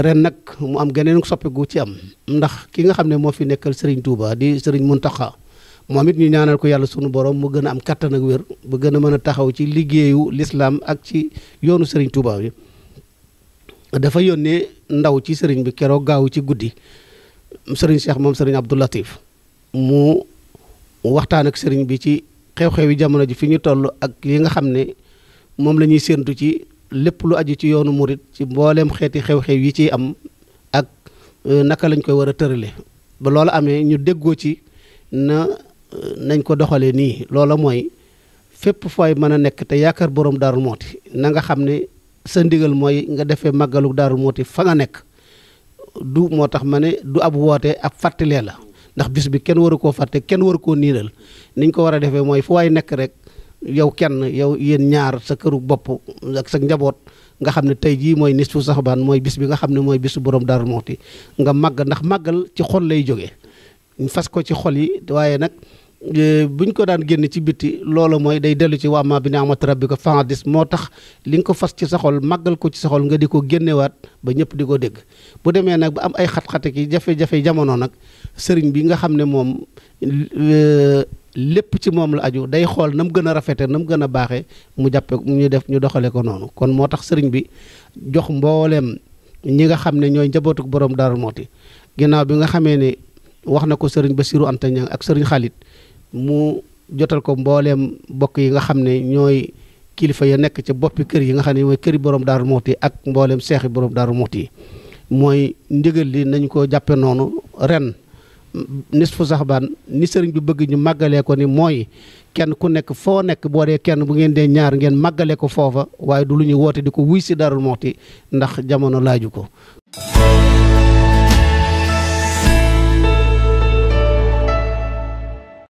ren nag mu am geneen soppi gu ci am ndax ki nga xam ne moo fi nekkal sëriñ Touba di Serigne Mountakha moom it ñu ñaanal ko yàlla sunu borom mu gën a am kattan ak wér ba gën a mën a taxaw ci liggéeyu lislaam ak ci yoonu sëriñ Touba bi dafa yónnee ndaw ci sëriñ bi keroog gaaw ci guddi sëriñ Cheikh moom Serigne Abdou Latif mu waxtaan ak sëriñ bi ci xew yi jamono ji fi ñu toll ak yi nga xam ne moom lañuy ñuy ci. lépp lu aju ci yoonu murit ci mbooleem xeeti xew-xew yi ciy am ak euh, naka lañ koy war a tërale ba loolu amee ñu déggoo ci na euh, nañ ko doxalee nii loola mooy fépp fooy mën a nekk te yaakaar borom daarul mooti na nga xam ne sa ndigal mooy nga defee màggalu daarul mooti fa nga nekk du moo tax ma ne du ab woote ab fàttalee la ndax bis bi kenn waru koo fàtte kenn waru koo niinal niñ ko war a defee mooy fu waay nekk rek yow kenn yow yéen ñaar sa këru bopp ak sa njaboot nga xam ne tey jii mooy ni nisfu baan mooy bis bi nga xam ne mooy bisu borom Darou Mouhty nga màgg ndax màggal ci xol lay jógee fas ko ci xol yi waaye nag e, buñ ko daan génn ci bitti loola mooy day dellu ci wàmmaa bi ni'mati rabbika fahadis moo tax li nga ko fas ci sa màggal ko ci sa nga di ko génnewaat ba ñëpp di ko dégg bu demee nag am ay xat ki jafe-jafe jamono nag sëriñ bi nga xam ne moom e, lépp ci moom la aju day xool na mu gën a rafete na mu gën a baaxee mu jàppe ñu def ñu doxale ko noonu kon moo tax sëriñ bi jox mbooleem ñi nga xam ne ñooy njabootuk borom Darou Mouhty ginnaaw bi nga xamee ne wax na ko sëriñ Bassirou Anta Niang ak sëriñ Khalid mu jotal ko mbooleem bokk yi nga xam ne ñooy kilifa ya nekk ca boppi kër yi nga xam ne mooy këri borom Darou Mouhty ak mbooleem seexi borom Darou Mouhty yi mooy ndigal li nañ ko jàppe noonu ren fu sax saxbaan ni sëriñ bi bëgg ñu màggalee ko ni mooy kenn ku nekk foo nekk boo dee kenn bu ngeen dee ñaar ngeen màggalee ko foofa waaye du lu ñu woote di ko wuy si darul moxti ndax jamono laaju ko